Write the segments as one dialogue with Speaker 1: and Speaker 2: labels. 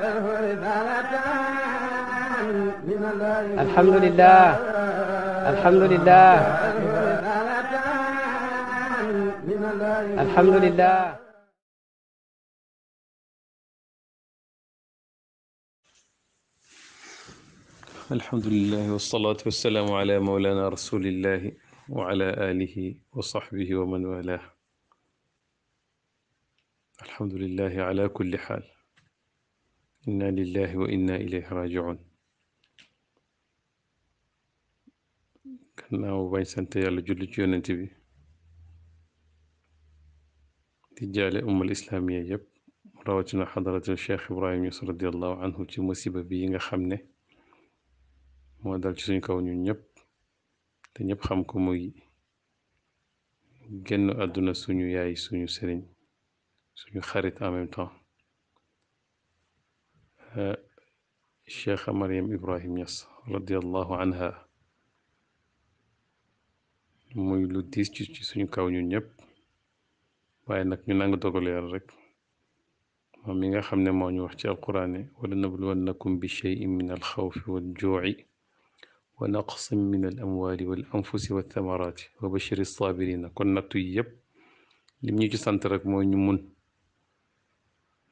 Speaker 1: alhamdulilah alhamdulilah alhamdulilah. alhamdulilah wasalaatu wasalaamu ala mawlana rasulillahi wa ala alihi wa sahbihi wa man walah alhamdulilah ala kulli xaal inna lillahi wa inna ilayhi rajiun gannaaw bañ sant yàlla julli ci yonent bi di jaale ummul islaamiya yëpp rawatina xadaratul cheikh ibrahim ñas radiallahu anhu ci musiba bi yi nga xam ne moo dal ci suñ kaw ñun ñëpp te ñëpp xam ko muy génn àdduna suñu yaay suñu sëriñ suñu xarit en même cheikha Mariam Ibrahim Niass radiallahu anha muy lu diis ci ci suñu kaw ñu ñëpp waaye nag ñu nanga dogalu yàlla rek moom mi nga xam ne moo ñu wax ci alquran ne wala nabluwannakum bi cheyin min alxawfi waljuuci wa naqsin min al amwaali wal anfusi wa thamaraati wa bashiri saabirina kon nattu yi yëpp lim ñu ci sant rek mooy ñu mun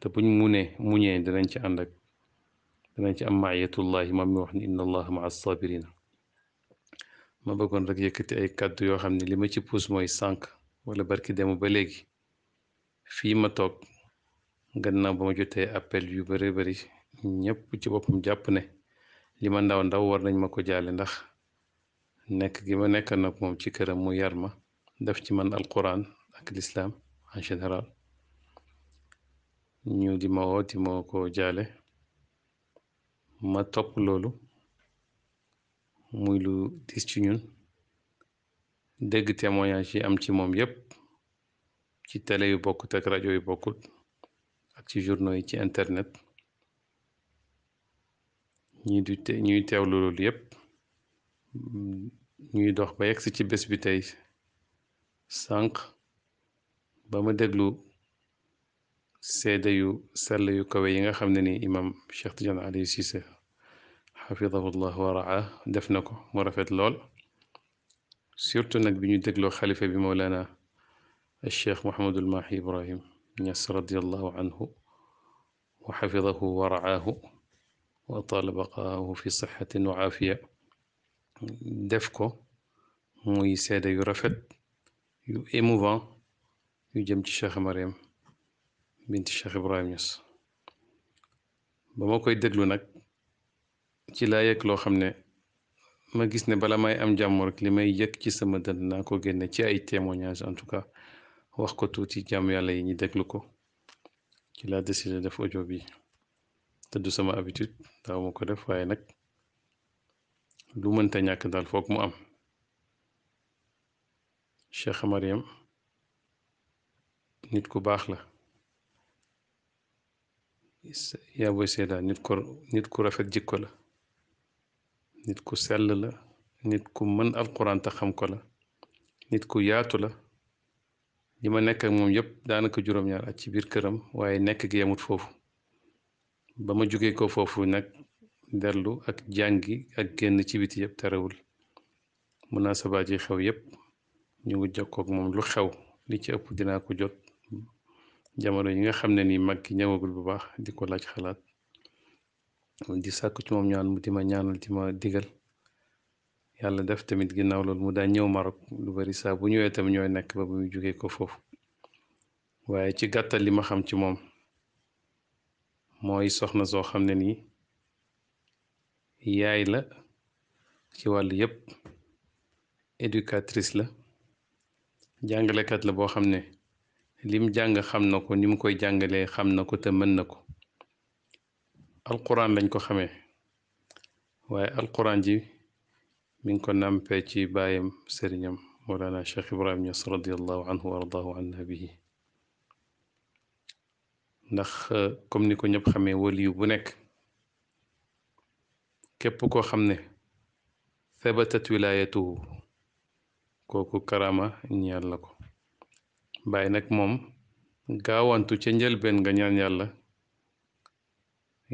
Speaker 1: te buñ munee muñee dinañ ci ànd danañ ci am maayatullahi moom mi wax ni inna allaha maa sabirina ma bëggoon rek yëkkati ay kàddu yoo xam ne li ma ci puus mooy sànq wala barki demu ba léegi fii ma toog gannaaw ba ma jotee appel yu bare bari ñëpp ci boppam jàpp ne li ma ndaw ndaw war nañ ma ko jaale ndax nekk ki ma nekk nag moom ci këram mu yar ma def ci man alquran ak l'islam en général ñu di ma woo di ma ko jaale ma topp loolu muy lu diis ci ñun dégg témoignage yi am ci moom yépp ci télé yu bokkut ak rajo yu bokkut ak ci journaux yi ci internet ñi du te ñuy teewlu loolu yépp ñuy dox ba yegg ci bés bi tey sànq ba ma déglu seede yu sell yu kawe yi nga xam ne ni imam Cheikh Tidiane Aliou Cissé xafidahullah wa raa def na ko mu rafet lool surtout nag bi ñu dégloo xalifa bi mawlana Cheikh Mouhamadul Mahi Ibrahim Ñas radiallahu anhu wa xafidahu wa raahu wa taala baqaahu fi sixatin wa aafiya def ko muy seede yu rafet yu émouvant yu jëm ci Cheikh Mariam bint Cheikh Ibrahim Niass ba koy déglu nag ci laa yëg loo xam ne ma gis ne bala may am jàmm rek li may yëg ci sama dënn naa ko génne ci ay témoignage en tout cas wax ko tuuti jàmm yàlla yi ñu déglu ko ci laa décidé def audio bi te sama habitude daaw ma ko def waaye nag lu mënta ñàkk daal foog mu am Cheikh Mariam nit ku baax la yaa booy seedaa nit ku nit ku rafet jikko la nit ku sell la nit ku man alquran te xam ko la nit ku yaatu la ñi ma nekk moom yëpp daanaka juróom-ñaar at ci biir këram waaye nekk gi yemut foofu ba ma jógee ko foofu nag derlu ak jàngi ak génn ci biti yëpp terewul munaasabaat yi xew yépp ñu ngi jokkoo ak moom lu xew li ci ëpp dinaa ko jot jamono yi nga xam ne nii mag ki ñëwagul bu baax di ko laaj xalaat di sàkk ci moom ñaan mu di ma ñaanal di ma digal yàlla def tamit ginnaaw loolu mu daa ñëw Maroc lu bari saa bu ñëwee tam ñooy nekk ba bu mu jógee ko foofu waaye ci gàttal li ma xam ci moom mooy soxna soo xam ne nii yaay la ci wàll yépp éducatrice la jàngalekat la boo xam ne lim jàng xam na ko ni mu koy jàngalee xam na ko te mën na ko alquran lañ ko xamee waaye alquran ji mi ngi ko nampee ci baayam sëriñam Mawlana Cheikh Ibrahim Niass radiallahu anhu wa ardaahu ndax euh, comme ni ko ñëpp xamee waliyu bu nekk képp koo xam ne thabatat wilayatuhu kooku karama ñeel la ko Baay nag moom gaawantu ca njëlbeen nga ñaan yàlla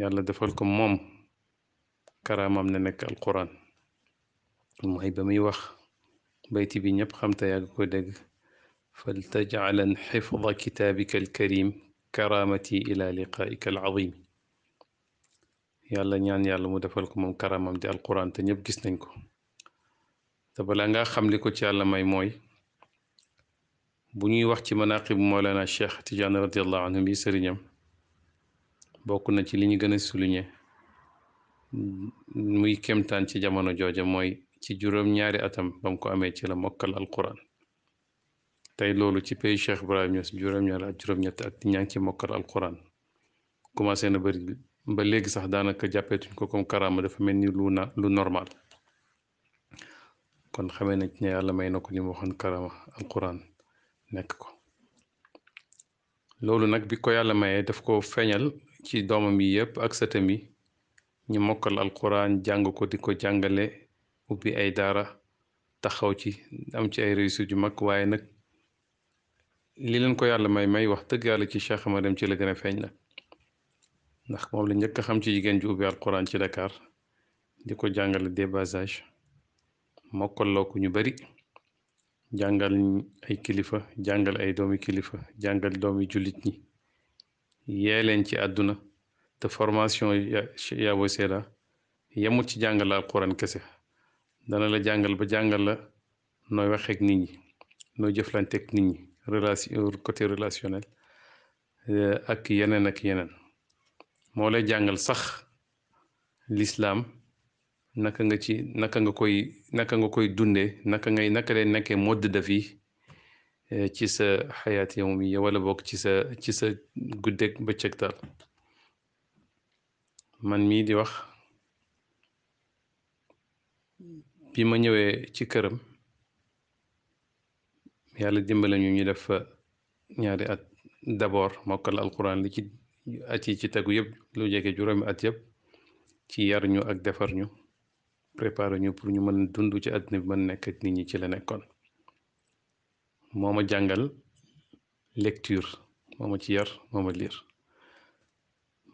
Speaker 1: yàlla defal ko moom karaamam ne nekk alquran mooy ba muy wax bayti bi ñëpp xam te yàgg ko dégg fal tajcalan xifda kitaabika alkarim karaamati ila liqaaika alcazim yàlla ñaan yàlla mu defal ko moom karaamam di alquran te ñëpp gis nañ ko te balaa ngaa xam li ko ci yàlla may mooy bu ñuy wax ci manaqib Mawlana Cheikh Tidiane radiallahu anhu bi sëriñam bokk na ci li ñu gën a souligner muy kemtaan ci jamono jooja mooy ci juróom-ñaari atam bam ko amee ci la mokkal alquran tey loolu ci pays Cheikh Ibrahim Niass juróom-ñaari at at ñaa ngi ci mokkal alquran commencé na bëri ba léegi sax daanaka tuñ ko comme karaama dafa mel ni lu na lu normal kon xamee nañ ne may na ko li mu waxoon karaama alquran nekk ko loolu nag bi ko yàlla mayee daf ko feeñal ci doomam yi yëpp ak sëtam yi ñu mokkal alquran jàng ko di ko jàngale ubbi ay daara taxaw ci am ci ay réussite yu mag waaye nag li leen ko yàlla may may wax tëgg yàlla ci Cheikh Ahmad dem ci la gën a feeñ la ndax moom la njëkk a xam ci jigéen ji ubbi alquran ci Dakar di ko jàngale débasage mokkal loo ñu bari jàngal ay kilifa jàngal ay doomi kilifa jàngal doomi julit ñi yee leen ci àdduna te formation yaa booy seeda yemul ci jàngal la kese dana la jàngal ba jàngal la nooy waxeek nit ñi nooy jëflanteek nit ñi relation côté relationnel eh, ak yeneen ak yeneen moo lay jàngal sax lislaam naka nga ci naka nga koy naka nga koy dunde naka ngay naka lay nekkee mode de vie eh, ci sa xayaat yawmiya wala bokk ci sa ci sa guddeeg bëccëg daal man mii di wax bi ma ñëwee ci këram yàlla dimbale ñu ñu def fa ñaari at d'abord mokkal alquran li ci at yi ci tegu yëpp lu jege juróomi at yëpp ci yar ñu ak defar ñu préparé ñu pour ñu mën dundu ci àddina bi mën nekk ak nit ci la nekkoon moo ma jàngal lecture moo ma ci yar moo ma liir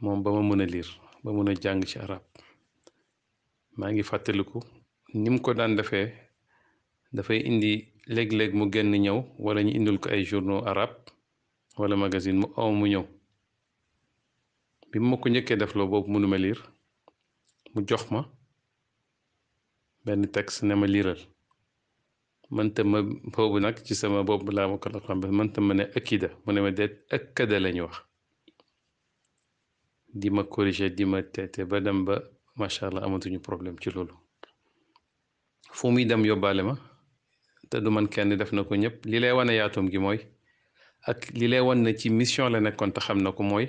Speaker 1: moom ba ma mën a liir ba mën a jàng ci arab maa ngi fàttaliku ni ko daan defee dafay indi léeg-léeg mu génn ñëw wala ñu indil ko ay journaux arab wala magasine mu aw mu ñëw bi mu ma ko njëkkee def loo boobu mënuma liir mu jox ma benn texte ne ma liiral mënta ma boobu nag ci sama bopp laa ma ko la xam mënta ma ne akida mu ne ma deet akkada lañu wax di ma corriger di ma teete ba dem ba macha allah amatuñu problème ci loolu fu muy dem yóbbaale ma te du man kenn def na ko ñëpp li lay wane yaatum gi mooy ak li lay wan ne ci mission la nekkoon te xam na ko mooy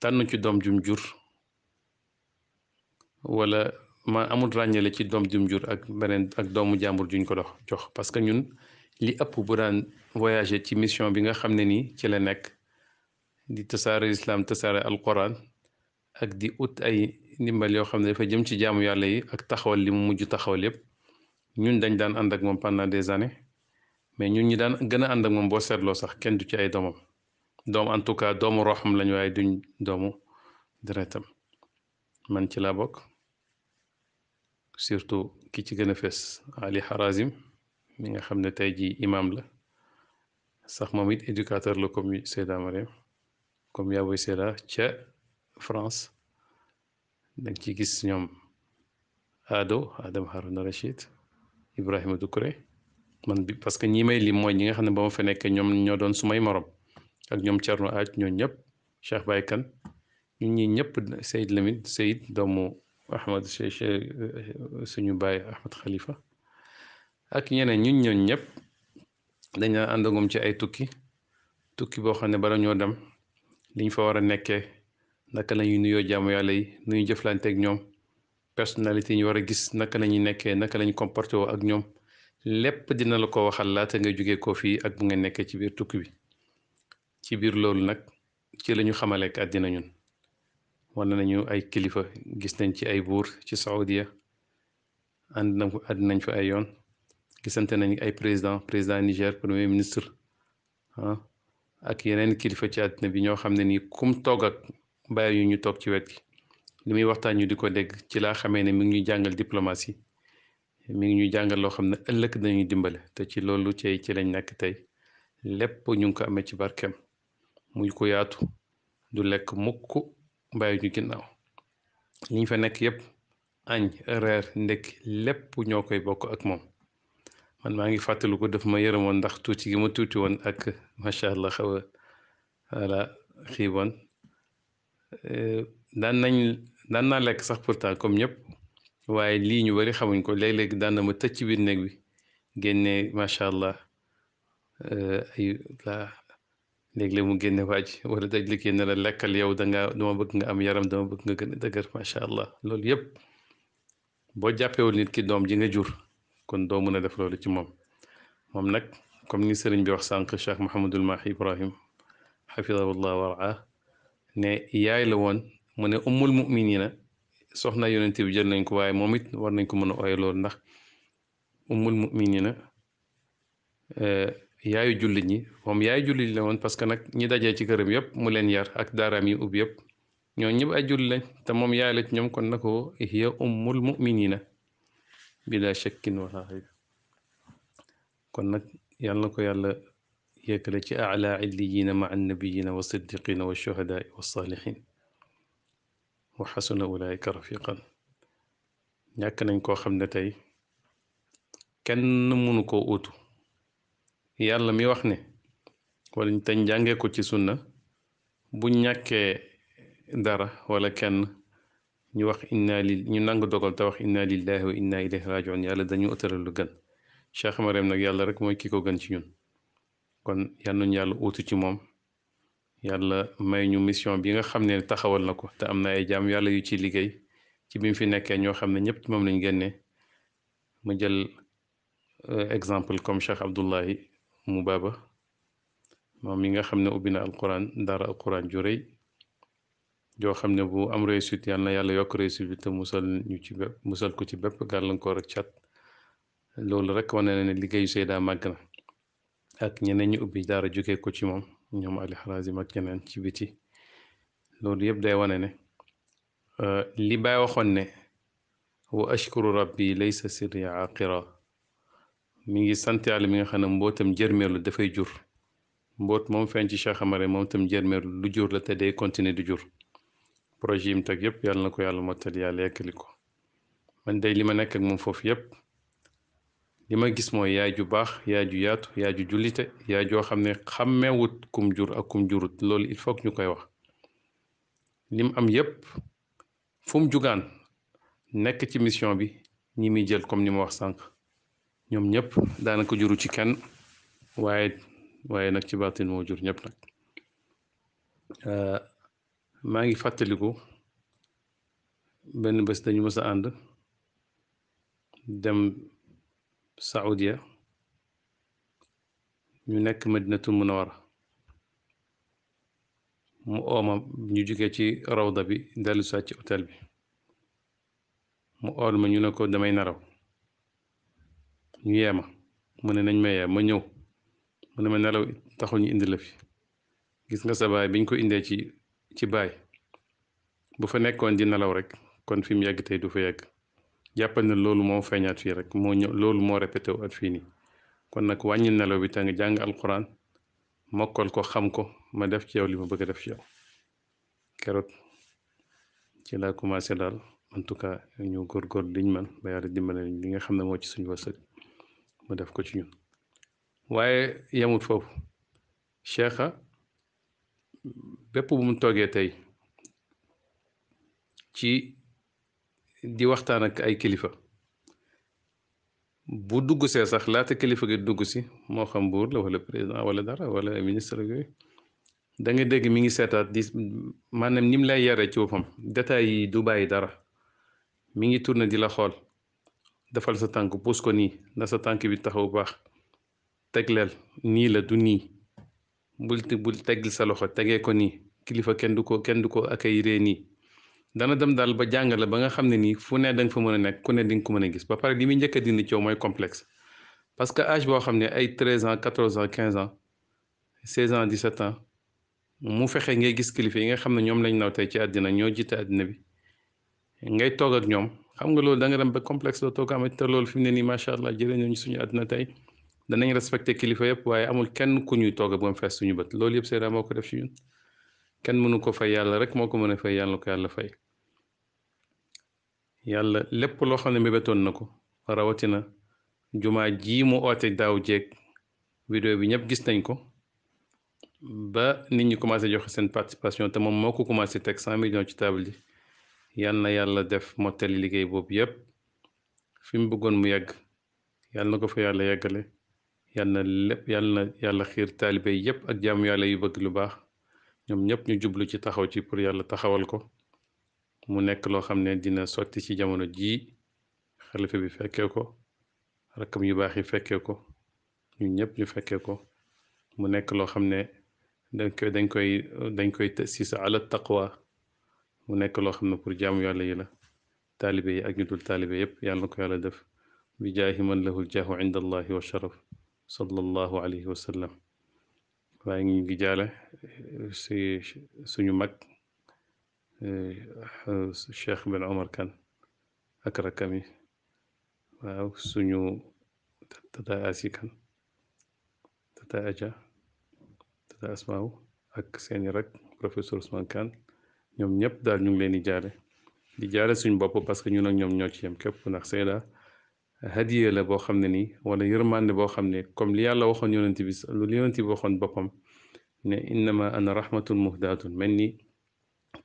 Speaker 1: tànn ci doom jum jur man amul ràññale ci doom jum jur ak beneen ak doomu jàmbur juñ ko dox jox parce que ñun li ëpp bu daan voyager ci mission bi nga xam ne nii ci la nekk di tasaare islam tasaare alquran ak di ut ay ndimbali yoo xam ne dafa jëm ci jaamu yàlla yi ak taxawal li mu mujj taxawal yépp ñun dañ daan ànd ak moom pendant des années mais ñun ñi daan gën a ànd ak moom boo seetloo sax kenn du ci ay doomam doom en tout cas doomu roxam lañu waaye duñ doomu deretam man ci laa bokk surtout ki ci gën a fees Ali Harazim mi nga xam ne tey ji imam la sax moom it éducateur la comme ma Mariam comme yaa boy Seyda ca France danga ci gis ñoom Ado Adam Haruna Rachid Ibrahima Doucouré man bi parce que ñii may lim mooy ñi nga xam ne ba ma fa nekkee ñoom ñoo doon sumay morom ak ñoom Thierno Aj ñoom ñëpp Cheikh Baye Kane ñi ñëpp Seyd Lamine Seyd doomu Ahmad Cheikh eh, suñu baay Ahmad Khalifa ak ñeneen ñun ñooñ ñëpp dañu àndagum ci ay tukki tukki boo xam ne bala ñoo dem liñ fa war a nekkee naka lañuy nuyoo jàmm yàlla yi nu ñu jëflanteeg ñoom personnalité yi ñu war a gis naka lañuy nekkee naka la ñu woo ak ñoom lépp dina la ko waxal laata nga jógee ko fii ak bu nga nekkee ci biir tukki bi ci biir loolu nag ci la ñu xamaleek àddina ñun. wala nañu ay kilifa gis nañ ci ay buur ci Saoudia ànd na ànd nañ fa ay yoon gisante nañ ay président président Niger premier ministre ah, ak yeneen kilifa ci àddina bi ñoo xam ne nii kum toog ak bàyyi yu ñu toog ci wet gi li muy waxtaan ñu di ko dégg ci laa xamee ne mi ngi ñu jàngal diplomatie mu ngi ñu jàngal loo xam ne ëllëg dañuy dimbale te ci loolu cey ci lañ nekk tey lépp ñu ngi ko amee ci barkeem mu ngi ko yaatu du lekk mukk bàyyi ñu ginnaaw li ñu fa nekk yépp añ reer ndekki lépp ñoo koy bokk ak moom man maa ngi ko daf ma yërëmoon ndax tuuti gi ma tuuti woon ak macha allah xaw a voilà xiiboon daan nañ daan naa lekk sax pourtant comme ñëpp waaye lii ñu bari xamuñ ko léeg-léeg daan na ma tëj ci biir néeg bi génnee macha allah ay léegi léeg mu génne ko aj wala daj li génne la lekkal danga dama bëgg nga am yaram dama bëgg nga gën a dëgër macha allah loolu yëpp boo jàppewul nit ki doom ji nga jur kon doo mën a def loolu ci moom moom nag comme ni sëriñ bi wax sànq Cheikh Mouhamadul Mahi Ibrahim xafidahullah waraa ne yaay la woon mu ne ummul muminina soxna yonent bi jël nañ ko waaye moom it war nañ ko mën a ooye loolu ndax ummul muminina eh, yaayu jullit ñi moom yaayu jullit ñi parce que nag ñi dajee ci këram yëpp mu leen yar ak daaraam yi ubbi yëpp ñoo ñëpp ay jullit lañ te moom yaay la ñoom kon na ko hiya ummul muminina bila shakkin wala kon nag yàlla na ko yàlla yëkkale ci ala illiyina ma annabiyina wa siddiqina wa shuhadaai wa saalihin wa xasuna ulaika nañ koo xam ne tey kenn mënu ko uutu yàlla mi wax ne wala ñu teñ jàngee ko ci sunna bu ñàkkee dara wala kenn ñu wax inna li ñu nanga dogal te wax inna lillahi wa inna ilayhi rajiun yàlla dañu ëttalal lu gën Cheikh Mariam nag yàlla rek mooy ki ko gën ci ñun kon yal nañu yàlla uutu ci moom yàlla may ñu mission bi nga xam ne taxawal na ko te am na ay jaam yàlla yu ci liggéey ci bi fi nekkee ñoo xam ne ñëpp moom lañ génnee ma jël euh, exemple comme Cheikh Abdullahi mu baba moom mi nga xam ne ubbi na alquran dara alquran ju rëy joo xam ne boo am réussite yal na yàlla yokk réussite bi te musal ñu ci bépp musal ko ci bépp gàllankoor ak cat loolu rek wane na ne liggéeyu Seyda màgg na ak ñeneen ñu ubbi dara jóge ko ci moom ñoom Ali Harazim ak ñeneen ci biti loolu yëpp day wane ne euh, li Baay waxoon ne wa ashkuru rabbi laysa sirri aqira mi ngi sant yàlla mi nga xam ne mbootam jërmeerlu dafay jur mboot moom feeñ ci moom tam jërmeerlu lu jur la te day continuer du jur projet yi mu teg yëpp yàlla na ko yàlla mottali yàlla yekkali ko man day li ma nekk ak moom foofu yëpp li ma gis mooy yaay ju baax yaay ju yaatu yaay ju jullite yaay joo xam ne xam meewut kum jur ak kum jurut loolu il faut ñu koy wax lim am yëpp fu mu jugaan nekk ci mission bi ñi muy jël comme ni ma wax sànq. ñoom ñëpp daanaka juru ci kenn waaye waaye nag ci baatin moo jur ñëpp nag euh, maa ngi fàttaliku benn bés dañu mës a ànd dem Saudiya ñu nekk ma Madinatul Munawara mu ooma ñu jógee ci rawda bi dellu saa ci hôtel bi mu ool ma ñu ne ko damay naraw ñu yee ma mu ne nañ ma yee ma ñëw mu ne ma nelaw taxul ñu indi la fi gis nga sa baay biñ ko indee ci ci baay bu fa nekkoon di nelaw rek kon fi mu yegg tey du fa yegg jàppal na loolu moo feeñaat fii rek moo loolu moo répété wu at fii nii kon nag wàññi nelaw bi te nga jàng alquran mokkal ko xam ko ma def ci yow li ma bëgg a def ci yow keroog ci laa commencé daal en tout cas ñu góorgóorlu liñ man ba yàlla dimbale li nga xam ne moo ci suñu wërsëg mu def ko ci ñun waaye yemut foofu cheikha bépp bu mu toogee tey ci di waxtaan ak ay kilifa bu dugg see sax laata kilifa gi dugg si moo xam buur la wala président wala dara wala ministre yooyu danga nga dégg mi ngi seetaat di maanaam ni mu lay yare ci boppam détails yi du bàyyi dara mu ngi tourné di la xool defal sa tànk puus ko nii na sa tànk bi taxaw baax tegleel nii la du nii bul bul tegl sa loxo tegee ko nii kilifa kenn du ko kenn du ko ak accueillir nii dana dem daal ba jàngale ba nga xam ne nii fu ne da fa mën a nekk ku ne di nga ko mën a gis ba pare li njëkk a dindi coow mooy complexe parce que âge boo xam ne ay 13 ans 14 ans 15 ans 16 ans 17 ans mu fexe ngay gis kilifa yi nga xam ne ñoom lañ naw tey ci àddina ñoo jiite àddina bi ngay toog ak ñoom. xam nga loolu da nga dem ba complexe doo toog am te loolu fi mu ne nii macha allah jëriñoo ñu suñu àdduna tey danañ respecté kilifa yëpp waaye amul kenn ku ñuy toog ba mu fees suñu bët loolu yëpp Seyda moo ko def ci ñun mënu ko fay yàlla rek ko mën a fay yàlla ko yàlla lépp loo xam ne mébétoon na ko rawatina jumaa ji mu oote daaw jeeg vidéo bi ñëpp gis nañ ko ba nit ñi commencé joxe seen participation te moom moo ko commencé teg cent millions ci table ji yal na yàlla def mottali liggéey boobu yépp fi mu buggoon mu yegg yal na ko fa yàlla yeggale yal na lépp yal na yàlla xiir taalibe yépp ak jaamu yàlla yu bëgg lu baax ñoom ñépp ñu jublu ci taxaw ci pour yàlla taxawal ko mu nekk loo xam ne dina sotti ci jamono jii xalifa bi fekkee ko rakkam yu baax yi fekkee ko ñun ñépp ñu fekkee ko mu nekk loo xam ne dañ koy dañ koy dañ koy tasisa ala taqwa mu nekk loo xam ne pour jaamu yàlla yi la taalibe yi ak ñu dul taalibe yépp yàlla na ko yàlla def bi jaahi man lahul jaahu inda allahi wa sharaf sallallahu alayhi wa sallam waaye ñu ngi jaale eh, si suñu mag eh, cheikh bin omar kan ak rakami waaw suñu tata asi kan tata aja tata asmaaw ak seeni rak professeur Ousmane Kane ñoom ñëpp daal ñu ngi leen di jaale di jaale suñ bopp parce que ñun ak ñoom ñoo ci yem képp ndax sayda hadiya la boo xam ne nii wala yërmande boo xam ne comme li yàlla waxoon yonent bi lu yonent bi waxoon boppam ne innama ana rahmatun muhdaatun mel ni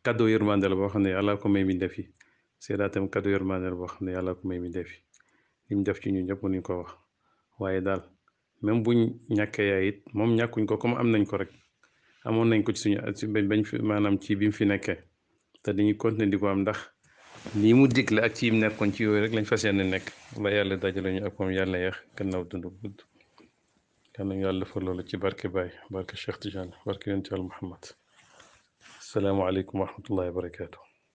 Speaker 1: cadeau yërmande la boo xam ne yàlla ko may mi def yi sayda tam cadeau yërmande la boo xam ne yàlla ko may mi def yi li mu def ci ñun ñëpp mënuñ ko wax waaye daal même buñ ñàkkee yaay it moom ñàkkuñ ko comme am nañ ko rek amoon nañ ko ci suñu bañ fi maanaam ci bi mu fi nekkee te dañuy continuer di ko am ndax ni mu digle ak ci yim nekkoon ci yooyu rek lañ fas yéene nekk wala yàlla dajale ñu ak moom yàlla yeex gannaaw dund gudd yal nañu yàlla defal loolu ci barke Baye barke Cheikh Tidiane barke yonent Yàlla Muhammad asalaamaaleykum wa rahmatullahi wa